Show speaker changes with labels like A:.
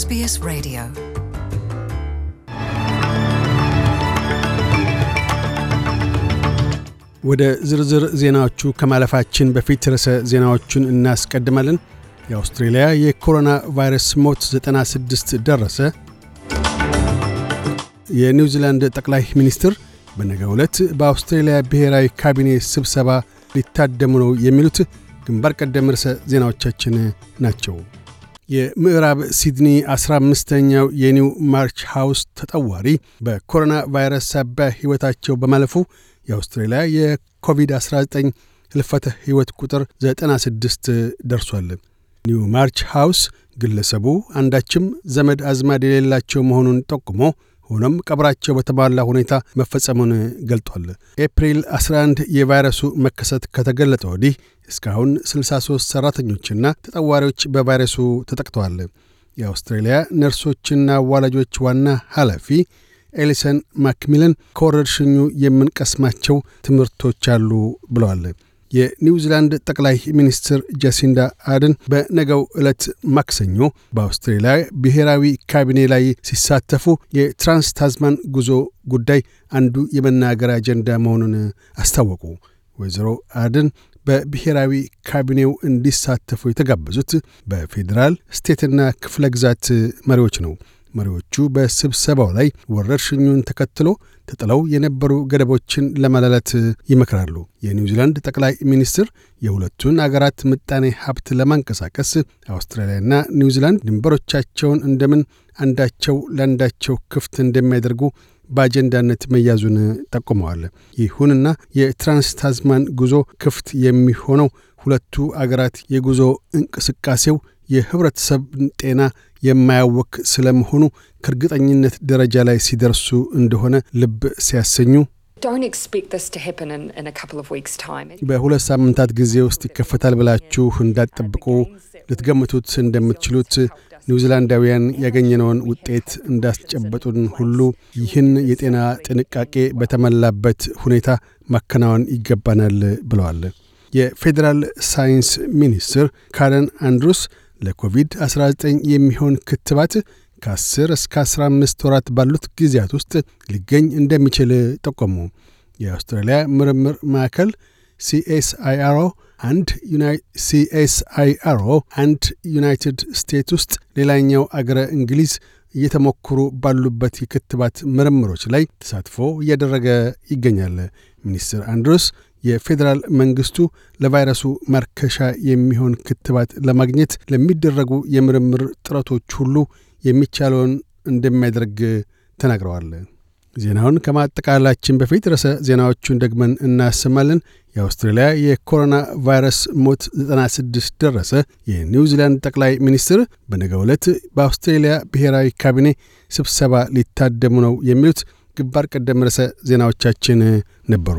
A: SBS Radio. ወደ ዝርዝር ዜናዎቹ ከማለፋችን በፊት ርዕሰ ዜናዎቹን እናስቀድማለን። የአውስትሬልያ የኮሮና ቫይረስ ሞት 96 ደረሰ። የኒውዚላንድ ጠቅላይ ሚኒስትር በነገ ዕለት በአውስትሬልያ ብሔራዊ ካቢኔ ስብሰባ ሊታደሙ ነው። የሚሉት ግንባር ቀደም ርዕሰ ዜናዎቻችን ናቸው። የምዕራብ ሲድኒ 15ኛው የኒው ማርች ሃውስ ተጠዋሪ በኮሮና ቫይረስ ሳቢያ ሕይወታቸው በማለፉ የአውስትሬልያ የኮቪድ-19 ህልፈተ ሕይወት ቁጥር 96 ደርሷል። ኒው ማርች ሃውስ ግለሰቡ አንዳችም ዘመድ አዝማድ የሌላቸው መሆኑን ጠቁሞ ሆኖም ቀብራቸው በተሟላ ሁኔታ መፈጸሙን ገልጧል። ኤፕሪል 11 የቫይረሱ መከሰት ከተገለጠ ወዲህ እስካሁን 63 ሠራተኞችና ተጠዋሪዎች በቫይረሱ ተጠቅተዋል። የአውስትሬልያ ነርሶችና አዋላጆች ዋና ኃላፊ ኤሊሰን ማክሚለን ከወረርሽኙ የምንቀስማቸው ትምህርቶች አሉ ብለዋል። የኒውዚላንድ ጠቅላይ ሚኒስትር ጃሲንዳ አድን በነገው ዕለት ማክሰኞ በአውስትሬልያ ብሔራዊ ካቢኔ ላይ ሲሳተፉ የትራንስ ታዝማን ጉዞ ጉዳይ አንዱ የመናገር አጀንዳ መሆኑን አስታወቁ። ወይዘሮ አድን በብሔራዊ ካቢኔው እንዲሳተፉ የተጋበዙት በፌዴራል ስቴትና ክፍለ ግዛት መሪዎች ነው። መሪዎቹ በስብሰባው ላይ ወረርሽኙን ተከትሎ ተጥለው የነበሩ ገደቦችን ለመላለት ይመክራሉ። የኒውዚላንድ ጠቅላይ ሚኒስትር የሁለቱን አገራት ምጣኔ ሀብት ለማንቀሳቀስ አውስትራሊያና ኒውዚላንድ ድንበሮቻቸውን እንደምን አንዳቸው ለአንዳቸው ክፍት እንደሚያደርጉ በአጀንዳነት መያዙን ጠቁመዋል። ይሁንና የትራንስታዝማን ጉዞ ክፍት የሚሆነው ሁለቱ አገራት የጉዞ እንቅስቃሴው የህብረተሰብ ጤና የማያወክ ስለመሆኑ ከእርግጠኝነት ደረጃ ላይ ሲደርሱ እንደሆነ ልብ ሲያሰኙ በሁለት ሳምንታት ጊዜ ውስጥ ይከፈታል ብላችሁ እንዳትጠብቁ ልትገምቱት እንደምትችሉት ኒውዚላንዳውያን ያገኘነውን ውጤት እንዳስጨበጡን ሁሉ ይህን የጤና ጥንቃቄ በተሞላበት ሁኔታ ማከናወን ይገባናል ብለዋል። የፌዴራል ሳይንስ ሚኒስትር ካረን አንድሩስ ለኮቪድ-19 የሚሆን ክትባት ከ10 እስከ 15 ወራት ባሉት ጊዜያት ውስጥ ሊገኝ እንደሚችል ጠቆሙ። የአውስትራሊያ ምርምር ማዕከል ሲኤስአይአሮ አንድ ሲኤስአይአሮ አንድ ዩናይትድ ስቴትስ ውስጥ ሌላኛው አገረ እንግሊዝ እየተሞክሩ ባሉበት የክትባት ምርምሮች ላይ ተሳትፎ እያደረገ ይገኛል። ሚኒስትር አንድሮስ የፌዴራል መንግስቱ ለቫይረሱ መርከሻ የሚሆን ክትባት ለማግኘት ለሚደረጉ የምርምር ጥረቶች ሁሉ የሚቻለውን እንደሚያደርግ ተናግረዋል። ዜናውን ከማጠቃላችን በፊት ርዕሰ ዜናዎቹን ደግመን እናሰማለን። የአውስትራሊያ የኮሮና ቫይረስ ሞት 96 ደረሰ። የኒውዚላንድ ጠቅላይ ሚኒስትር በነገ ዕለት በአውስትሬሊያ ብሔራዊ ካቢኔ ስብሰባ ሊታደሙ ነው። የሚሉት ግንባር ቀደም ርዕሰ ዜናዎቻችን ነበሩ።